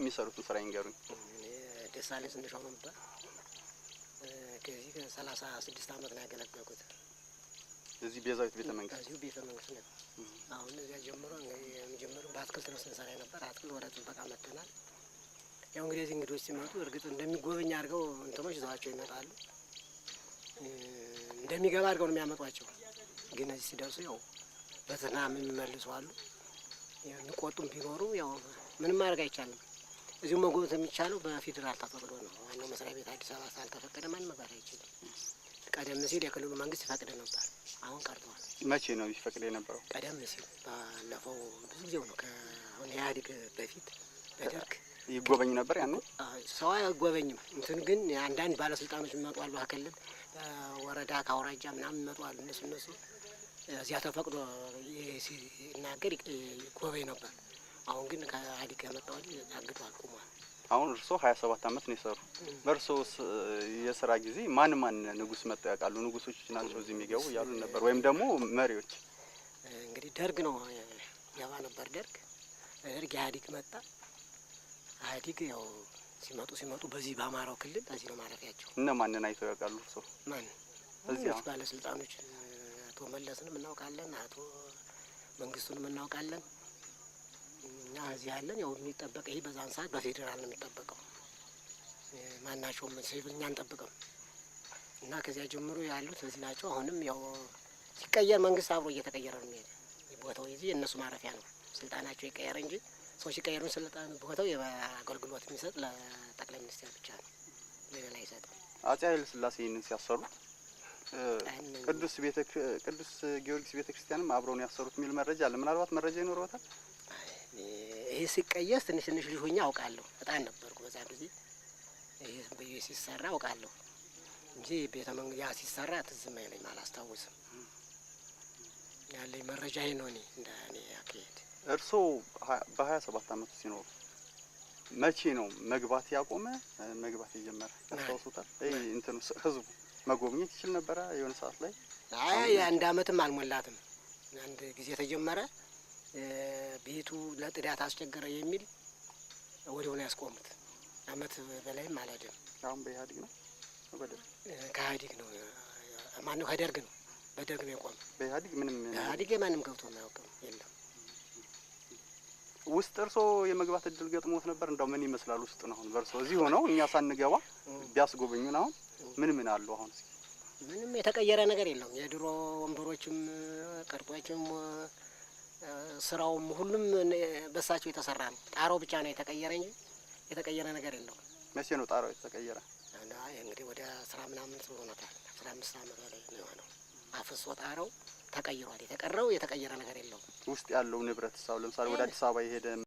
የሚሰሩትን ስራ ይንገሩኝ። ደሳሌ ስንሻው ነው የምባል። ከዚህ ስድስት አመት ነው ያገለገልኩት እዚህ ቤዛዊት ቤተ መንግስት እዚሁ ቤተ መንግስት ነው። አሁን እዚያ ጀምሮ የሚጀምሩ በአትክልት ነው ስንሰራ ነበር አትክልት ወደ ጥበቃ መጥተናል። ያው እንግዲህ እዚህ እንግዶች ሲመጡ እርግጥ እንደሚጎበኝ አድርገው እንትኖች ይዘዋቸው ይመጣሉ። እንደሚገባ አድርገው ነው የሚያመጧቸው። ግን እዚህ ሲደርሱ ያው በትና አሉ የሚቆጡም ቢኖሩ ያው ምንም ማድረግ አይቻልም። እዚሁ መጎብኘት የሚቻለው በፌዴራል ተፈቅዶ ነው። ዋናው መስሪያ ቤት አዲስ አበባ ሳልተፈቀደ ማን መግባት አይችልም። ቀደም ሲል የክልሉ መንግስት ይፈቅድ ነበር፣ አሁን ቀርተዋል። መቼ ነው ይፈቅድ የነበረው? ቀደም ሲል ባለፈው ብዙ ጊዜው ነው። ከአሁን ኢህአዴግ በፊት በደርግ ይጎበኝ ነበር። ያን ሰው አይጎበኝም። እንትን ግን አንዳንድ ባለስልጣኖች የሚመጡ አሉ፣ ክልል ወረዳ ከአውራጃ ምናምን የሚመጡ አሉ። እነሱ እነሱ እዚያ ተፈቅዶ ሲናገር ይጎበኝ ነበር። አሁን ግን ከኢህአዴግ ከመጣ ወዲህ አግዷል፣ ቁሟል። አሁን እርስዎ ሀያ ሰባት አመት ነው የሰሩ። በእርስዎ የስራ ጊዜ ማን ማን ንጉስ መጥተው ያውቃሉ? ንጉሶች ናቸው እዚህ የሚገቡ እያሉ ነበር፣ ወይም ደግሞ መሪዎች? እንግዲህ ደርግ ነው ያባ ነበር። ደርግ ደርግ ኢህአዴግ መጣ። ኢህአዴግ ያው ሲመጡ ሲመጡ በዚህ በአማራው ክልል እዚህ ነው ማረፊያቸው። እነ ማንን አይተው ያውቃሉ እርስዎ? ማን እዚህ ባለስልጣኖች፣ አቶ መለስንም እናውቃለን፣ አቶ መንግስቱንም እናውቃለን እኛ እዚህ ያለን ያው የሚጠበቅ ይሄ በዛን ሰዓት በፌዴራል ነው የሚጠበቀው። ማናቸውም ሲቪል እኛ አንጠብቅም እና ከዚያ ጀምሮ ያሉት እዚህ ናቸው። አሁንም ያው ሲቀየር መንግስት አብሮ እየተቀየረ ነው የሚሄድ። ቦታው የዚህ የእነሱ ማረፊያ ነው። ስልጣናቸው ይቀየር እንጂ ሰው ሲቀየሩን ስልጣን ቦታው አገልግሎት የሚሰጥ ለጠቅላይ ሚኒስትር ብቻ ነው፣ ለሌላ አይሰጥም። አጼ ኃይለ ስላሴ ይህንን ሲያሰሩ ቅዱስ ቤተ ቅዱስ ጊዮርጊስ ቤተ ክርስቲያንም አብረውን ያሰሩት የሚል መረጃ አለ። ምናልባት መረጃ ይኖረታል? ይሄ ሲቀየስ ትንሽ ትንሽ ልሆኛ አውቃለሁ። እጣን ነበርኩ በዛ ጊዜ ይሄ ብዬ ሲሰራ አውቃለሁ እንጂ ቤተ መንግስት ያ ሲሰራ ትዝም አይለኝም፣ አላስታውስም። ያለኝ መረጃ ይሄ ነው። እኔ እንደ እኔ አካሄድ እርስዎ በሀያ ሰባት አመቱ ሲኖሩ መቼ ነው መግባት ያቆመ መግባት የጀመረ ያስታውሱታል? እንትን ህዝቡ መጎብኘት ይችል ነበረ የሆነ ሰዓት ላይ? አይ አንድ አመትም አልሞላትም። አንድ ጊዜ ተጀመረ ቤቱ ለጥዳት አስቸገረ የሚል ወዲያውኑ ያስቆሙት። አመት በላይም አልሄደም። አሁን በኢህአዴግ ነው ከኢህአዴግ ነው ማነው? ከደርግ ነው በደርግ ነው የቆመ። በኢህአዴግ ምንም ኢህአዴግ የማንም ገብቶ የማያውቅም የለም። ውስጥ እርሶ የመግባት እድል ገጥሞት ነበር? እንደው ምን ይመስላል ውስጥ ነው አሁን በእርሶ እዚህ ሆነው እኛ ሳንገባ ቢያስጎበኙን አሁን ምን ምን አሉ? አሁን ምንም የተቀየረ ነገር የለውም። የድሮ ወንበሮችም ቅርጦችም ስራውም ሁሉም በሳቸው የተሰራ ነው። ጣራው ብቻ ነው የተቀየረ እንጂ የተቀየረ ነገር የለውም። መቼ ነው ጣራው የተቀየረ? እንግዲህ ወደ ስራ ምናምን ሆኖታል። አስራ አምስት ዓመት በላይ ነው የሆነው። አፍሶ ጣራው ተቀይሯል። የተቀረው የተቀየረ ነገር የለውም። ውስጥ ያለው ንብረት ሳው ለምሳሌ ወደ አዲስ አበባ የሄደ